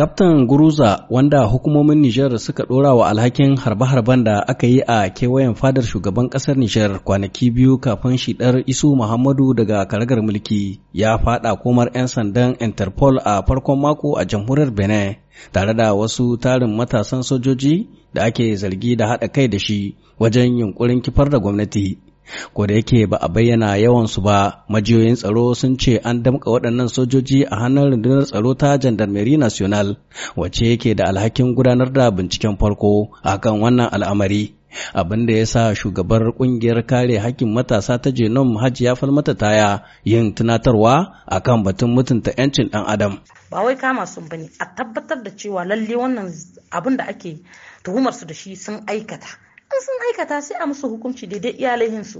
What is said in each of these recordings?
Kaftan Guruza wanda hukumomin Nijar suka ɗora wa alhakin harbe-harben da aka yi a kewayen fadar shugaban ƙasar Nijar kwanaki biyu kafin shidar Isu Muhammadu daga karagar mulki ya faɗa komar 'yan sandan Interpol a farkon mako a jamhuriyar Benin tare da wasu tarin matasan sojoji da ake zargi da haɗa kai da shi wajen yunƙurin kifar da gwamnati. ko da yake ba a bayyana yawan su ba majiyoyin tsaro sun ce an damka waɗannan sojoji a hannun rundunar tsaro ta gendarmerie national wacce yake da alhakin gudanar da binciken farko a kan wannan al'amari abin da ya sa shugabar ƙungiyar kare hakkin matasa ta jenom ya falmata taya yin tunatarwa akan batun mutunta 'yancin ɗan adam ba wai kama sun bane a tabbatar da cewa lalle wannan abin da ake tuhumar su da shi sun aikata in sun aikata sai a musu hukunci daidai iyalaihinsu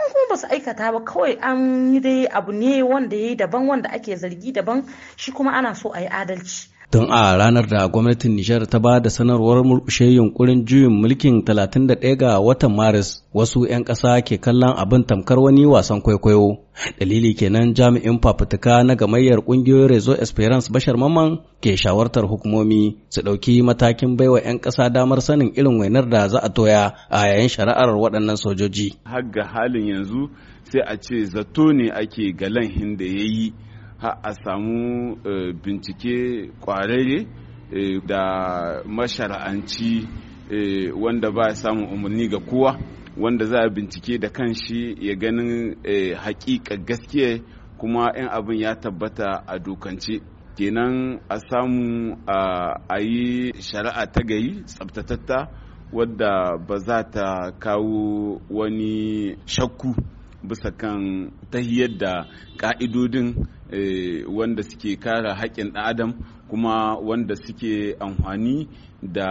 in kuma ba su aikata ba kawai an yi dai abu ne wanda ya yi daban wanda ake zargi daban shi kuma ana so a yi adalci Tun a ranar da gwamnatin Nijar ta ba da sanarwar murkushe yunkurin juyin mulkin 31 ga watan Maris wasu 'yan ƙasa ke kallon abin tamkar wani wasan kwaikwayo. Dalili kenan jami'in fafutuka na gamayyar ƙungiyoyin Rezo Esperance Bashar Maman ke shawartar hukumomi su ɗauki matakin baiwa 'yan ƙasa damar sanin irin wainar da za a toya a yayin shari'ar waɗannan sojoji. Har ga halin yanzu sai a ce zato ne ake galan da ya yi har a samu eh, bincike kwararre eh, da mashara'anci eh, wanda ba samun umarni ga kowa wanda za a bincike da kan shi ya ganin hakika gaskiya kuma 'yan abin ya tabbata a dokance kenan a samu a yi shari'a ta gari tsabtatatta wadda ba za ta kawo wani shakku bisa kan tahiyar da ka'idodin eh, wanda suke kare haƙƙin adam kuma wanda suke amfani da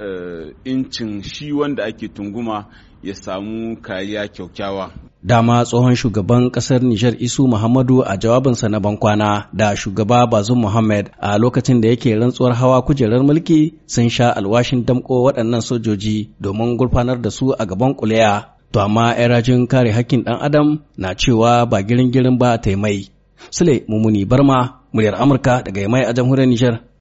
eh, incin shi wanda ake tunguma ya samu kariya kyaukyawa. Dama tsohon shugaban kasar Nijar Isu Muhammadu a jawabinsa na bankwana da shugaba Bazum Muhammad a lokacin da yake rantsuwar hawa kujerar mulki sun sha alwashin damko waɗannan sojoji domin gurfanar da su a gaban kuliya To amma 'yan rajin kare hakkin ɗan adam na cewa ba girin girin ba ta mai. Sule Mumuni Barma, muryar Amurka daga mai a jamhuriyar Nijar.